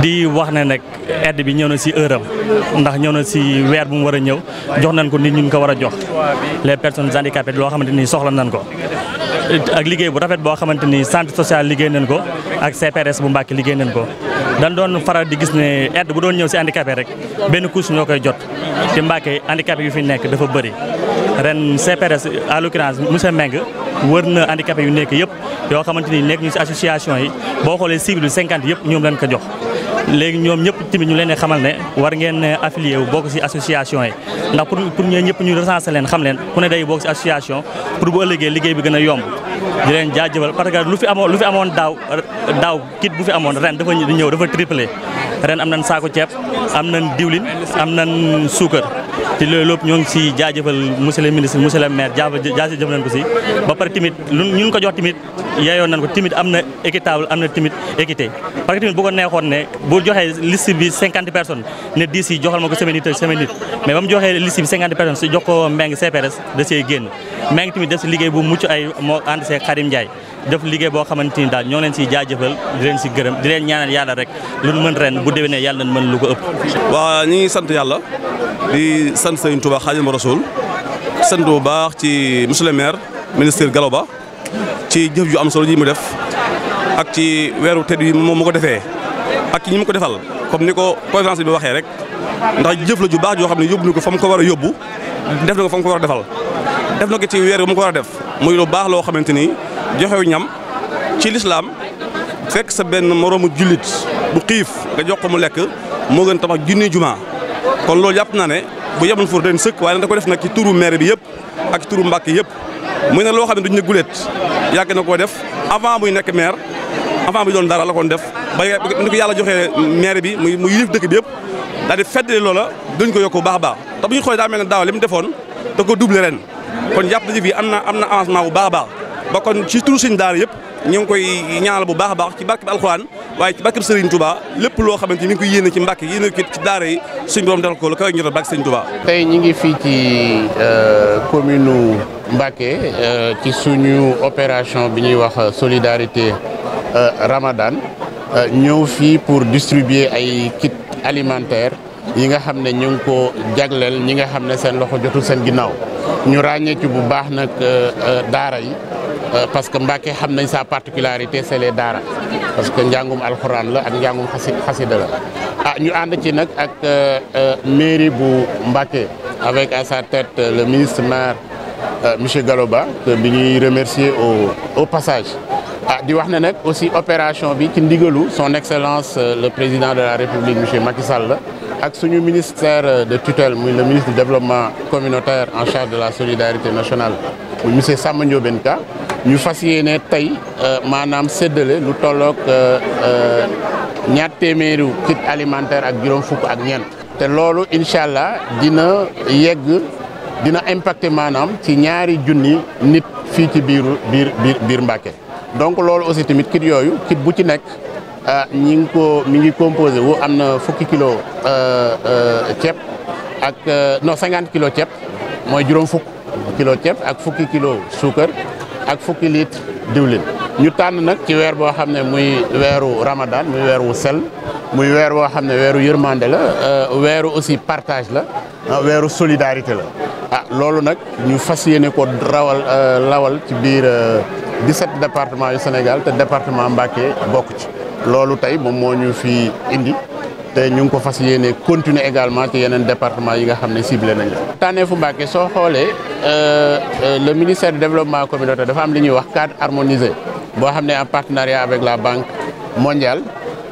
di wax ne nag aide bi ñëw na si heure ndax ñëw na si weer bu mu war a ñëw jox nañ ko nit ñu ko war a jox les personnes handicapées loo xamante ni soxla nañ ko. ak liggéey bu rafet boo xamante ni centre social liggéey nañ ko ak CPRS bu Mbàkke liggéey nañ ko dañ doon faral di gis ne aide bu doon ñëw si handicapé rek benn couche ñoo koy jot te Mbàkke handicapé yu fi nekk dafa bëri. ren CPRS à l'occurrence monsieur Meng wër na handicapé yu nekk yëpp yoo xamante ni nekk ñu si association yi boo xoolee cible cinquante yëpp ñoom lañ ko jox. léegi ñoom ñëpp tamit ñu leen di xamal ne war ngeen affilié wu bokk si association yi ndax pour pour ñoo ñëpp ñu recensé leen xam leen ku ne day bokk ci association pour bu ëllëgee liggéey bi gën a yomb di leen jaajëfal parce que lu fi amoon lu fi amoon daaw daaw kit bu fi amoon ren dafa ñëw dafa triplé ren am nañ saako ceeb am nañ diwlin am na suukar te loolu lépp ñoo ngi si jaajëfal monsieur le ministre monsieur le maire jaajëfal nañ ko si ba pare tamit lu ñu ko jox tamit yeyoon nañ ko tamit am na équitable am na tamit équité parce ko neexoon ne bu joxee liste bi cinquante personnes ne dix yi joxal ma ko semaine nit semaine nit mais ba mu joxee liste bi cinquante personnes si jox ko Mbengue CPRS da see génn Mbengue tamit def si liggéey bu mucc ay moo ànd see Xarim Ndiaye def liggéey boo xamante ni daal ñoo leen siy jaajëfal di leen si gërëm di leen ñaanal yàlla rek lu mën ren bu déwénee yàlla nañ mën lu ko ëpp di sant Serigne Touba Xaadimu Rasuul sant bu baax ci monsieur le maire ministre Gallo Ba ci jëf ju am solo ji mu def ak ci weeru tedd yi moom mu ko defee ak ci ñi mu ko defal comme ni ko conférence bi waxee rek ndax jëf la ju baax joo xam ne yóbbu na ko fa mu ko war a yóbbu def na ko fa mu ko war a defal def na ko ci weer bi mu ko war a def muy lu baax loo xamante ni joxew ñam ci lislaam fekk sa benn moroomu jullit bu xiif nga jox ko mu lekk moo gën tabax junni jumaa kon loolu yàpp naa ne bu yemul fóot ren sëkk waaye nag da ko def na ci turu maire bi yëpp ak ci turu Mbàkke yëpp muy nag loo xam ne duñ ne guléet yàgg na koo def avant muy nekk maire avant muy doon dara la kon def ba ni ko yàlla joxe maire bi muy muy yilif dëkk bi yëpp daal di feddali loola duñ ko yokk baax a baax te bu ñu xoolee daa mel na daaw li mu defoon da ko doublé ren kon yàpp nañu fi am na am na avancement bu baax a baax ba kon ci turu suñ daara yëpp ñu ngi koy ñaanal bu baax a baax ci barkeb alxuraan waaye ci barkeb Serigne Touba lépp loo xamante ni mi ngi koy yéene ci Mbàkke yéene ko ci daara yi suñu borom dal ko la kaw ñotal barke Serigne tey ñi ngi fii ci euh, commune Mbàkke euh, ci suñu opération bi ñuy wax solidarité euh, Ramadan ñëw fii pour distribuer ay kit alimentaire yi nga xam ne ñu ngi ko jagleel ñi nga xam ne seen loxo jotul seen ginnaaw ñu ràññee ci bu baax nag daara yi Euh, parce que Mbacke xam nañ sa particularité c'est les daara parce que njàngum alxuraan la ak njàngum xasi xasida la ah ñu ànd ci nag ak euh, euh, mairie bu Mbacke avec à sa tête le ministre maire monsieur Galoba que bi ñuy remercier au au passage ah di wax ne nag aussi opération bi ci ndigalu son excellence le président de la république monsieur Macky Sall la ak suñu ministère de tutelle muy le ministre du développement communautaire en charge de la solidarité nationale muy monsieur Samba Ndiobène ñu fas yéene tey euh, maanaam séddale lu tollook euh, euh, ñaar téeméeru kit alimentaire ak juróom fukk ak ñeent. te loolu incha allah dina yegg dina impacter maanaam ci ñaari junni nit fii ci biiru biir biir biir Mbàkke donc loolu aussi tamit kit yooyu kit bu ci nekk ñi ngi ko mi ngi composé wu am na fukki kilo ceeb ak no cinquante kilo ceeb mooy juróom fukk kilo ceeb ak fukki kilo suukar. ak fukki litre diwlin ñu tànn nag ci weer boo xam ne muy weeru ramadan muy weer wu sel muy weer woo xam ne weeru yërmande la euh, weeru aussi partage la ah, weeru solidarité la ah loolu nag ñu fas yéene ko rawal euh, lawal ci biir 17 euh, départements yu Sénégal te département Mbacké bokk ci loolu tey moom moo ñu fi indi te ñu ngi ko fas yéene continuer également ci yeneen département yi nga xam ne ciblé nañ la. fu Mbacké soo xoolee euh, euh, le ministère du développement communautaire dafa am li ñuy wax cadre harmonisé boo xam ne en partenariat avec la banque mondiale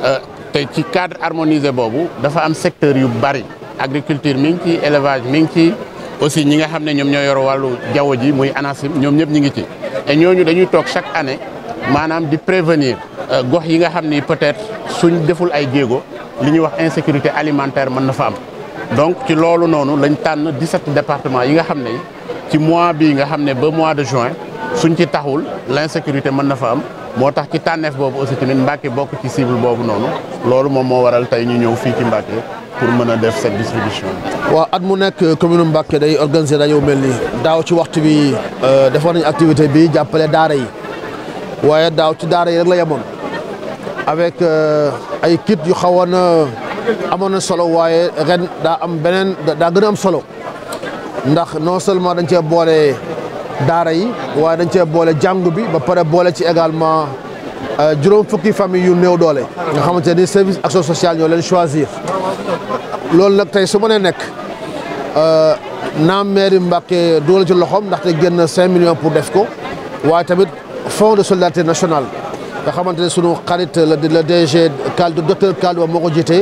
euh, te ci cadre harmonisé boobu dafa am secteur yu bari agriculture mi ci élevage mi ngi ci aussi ñi nga xam ne ñoom ñoo yor wàllu jaww ji muy ANACIM ñoom ñëpp ñi ngi ci. te ñooñu dañuy toog chaque année maanaam di prévenir. Euh, gox yi nga xam ni peut-être suñ deful ay jéego li ñuy wax insécurité alimentaire mën na fa am donc ci loolu noonu lañ tànn 17 départements yi nga xam ne ci mois bii nga xam ne ba mois de juin suñ ci taxul l'insécurité mën na fa am moo tax ci tànneef boobu aussi tamit Mbacké bokk ci cible boobu noonu loolu moom moo waral tey ñu ñëw fii ci Mbacké pour mën a def cette distribution waaw at mu nekk euh, commune Mbacké day organiser dañoo mel ni daaw ci waxtu bi euh, defoon nañ activité bi jàppale daara yi waaye daaw ci daara yi la yemoon avec euh, ay kit yu xawoon na amoon na solo waaye ren daa am beneen da gën am solo ndax non seulement dañ cee boole daara yi waaye dañ cee boole jàngu bi ba pare boole ci également euh, juróom fukki famille yu néew doole. nga xamante ni service action sociale ñoo leen choisir loolu nag tey su ma nee nekk euh, naam mairie Mbacké doole ci loxoom ndax génn 5 millions pour def ko waaye tamit fonds de solidarité nationale. nga xamante ne sunu xarit la DG Kaldu docteur Kaldu ba moo ko jiite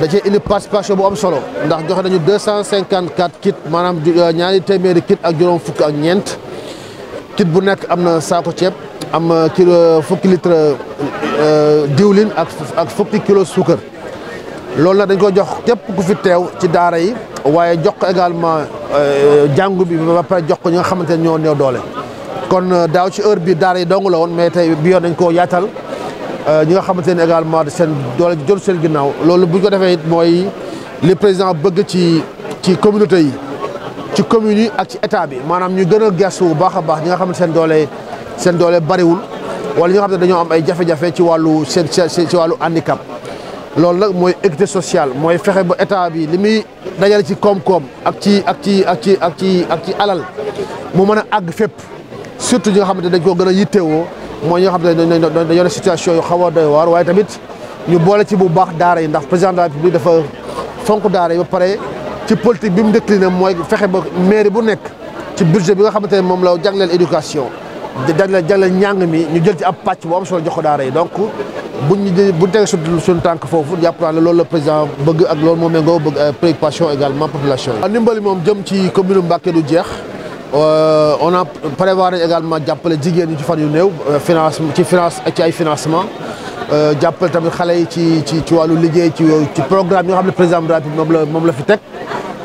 da cee indi participation bu am solo ndax joxe nañu deux cent cinquante quatre kit maanaam euh, ñaari téeméeri kit ak juróom fukk ak ñeent kit bu nekk am na saako ceeb am euh, kilo fukki litre euh, diwlin ak ak fukki kilo suukar loolu nag dañ ko jox képp ku fi teew ci daara yi waaye jox ko également jàngu bi ba pare jox ko ñi nga xamante ne ñoo néew doole. kon euh, daaw ci heure bi daara yi dong la woon mais tey bi yoon nañ koo yaatal euh, ñi nga xamante ne également seen doole jot seen ginnaaw loolu bu ñu ko defee mooy li président bëgg ci ci communauté yi ci communes yi ak ci état bi maanaam ñu gën a gëstu bu baax a baax ñi nga xam ne seen doole seen bariwul wala ñi nga xam ne dañoo am ay jafe ci wàllu seen ci wàllu handicap. loolu nag mooy équité social mooy fexe ba état bi li muy dajale ci koom-koom ak ci ak ci ak ci ak ci ak ci alal moo mën a àgg fépp. surtout ñi nga xamante dañ koo gën a yittewoo mooy ñi nga xamante ne dañoo ne situation yu xaw a doy waar waaye tamit ñu boole ci bu baax daara yi ndax président de la République dafa fonk daara yi ba pare ci politique bi mu décliné mooy fexe ba mairie bu nekk ci budget bi nga xamante ne moom la jagleel éducation jagleel jagleel njàng mi ñu jël ci ab pàcc bu am solo jox ko daara yi donc buñ ñu buñ tege suñu suñu tànk foofu jàpp naa ne loolu la président bëgg ak loolu moo méngoo bëgg euh, préoccupation également population yi. ndimbali moom jëm ci commune Mbacké du jeex. Euh, on a prévoir également jàppale jigéen ñi ci fan yu néew euh, finance ci finance ci ay financement euh, jàppale tamit xale yi ci ci ci wàllu liggéey ci ci programme yoo xam ne président de la République moom la fi teg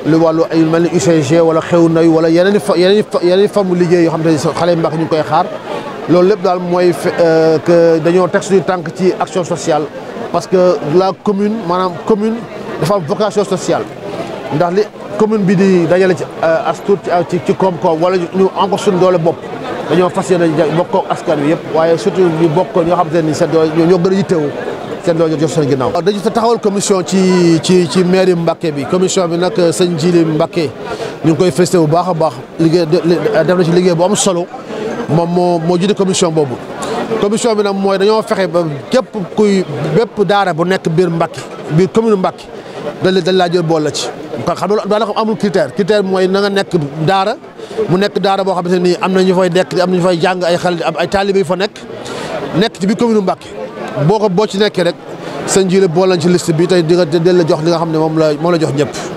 lu wàllu ay mel ni UCG wala xew nayu wala yeneen i yeneen i yeneen i liggéey yoo xam te xale yi ñu koy xaar loolu lépp daal mooy que dañoo teg suñu tànk ci action sociale parce que la commune maanaam commune dafa am vocation sociale ndax li commune bi di dajale ci euh, as tuut ci ci koom-koom wala ñu encore suñu doole bopp dañoo fas yéene bokkoo askan wi yëpp waaye surtout ñu bokkoo ñoo xam te ni seen doole ñoo gën a yittewoo seen doole ñoo jox seen ginnaaw. dañu taxawal commission ci ci ci mairie Mbacké bi commission bi nag euh, sëñ Jili Mbacké ñu ngi koy félicité bu baax a baax liggéey def na ci liggéey bu am solo moom moo moo jiite commission boobu. commission bi nag mooy dañoo fexe ba képp kuy bépp daara bu nekk biir Mbacké biir commune Mbacké dañ la dañ laa jël ci. kon xam nga daanaka amul critère critère mooy na nekk daara mu nekk daara boo xamante ni am na ñu fay nekk am na ñu fay jàng ay xel ay taalibe yu fa nekk nekk ci biir commune Mbacké boo ko boo ci nekkee rek sëñ ji la boole ci liste bi te di nga del jox li nga xam ne moom la moom la jox ñëpp.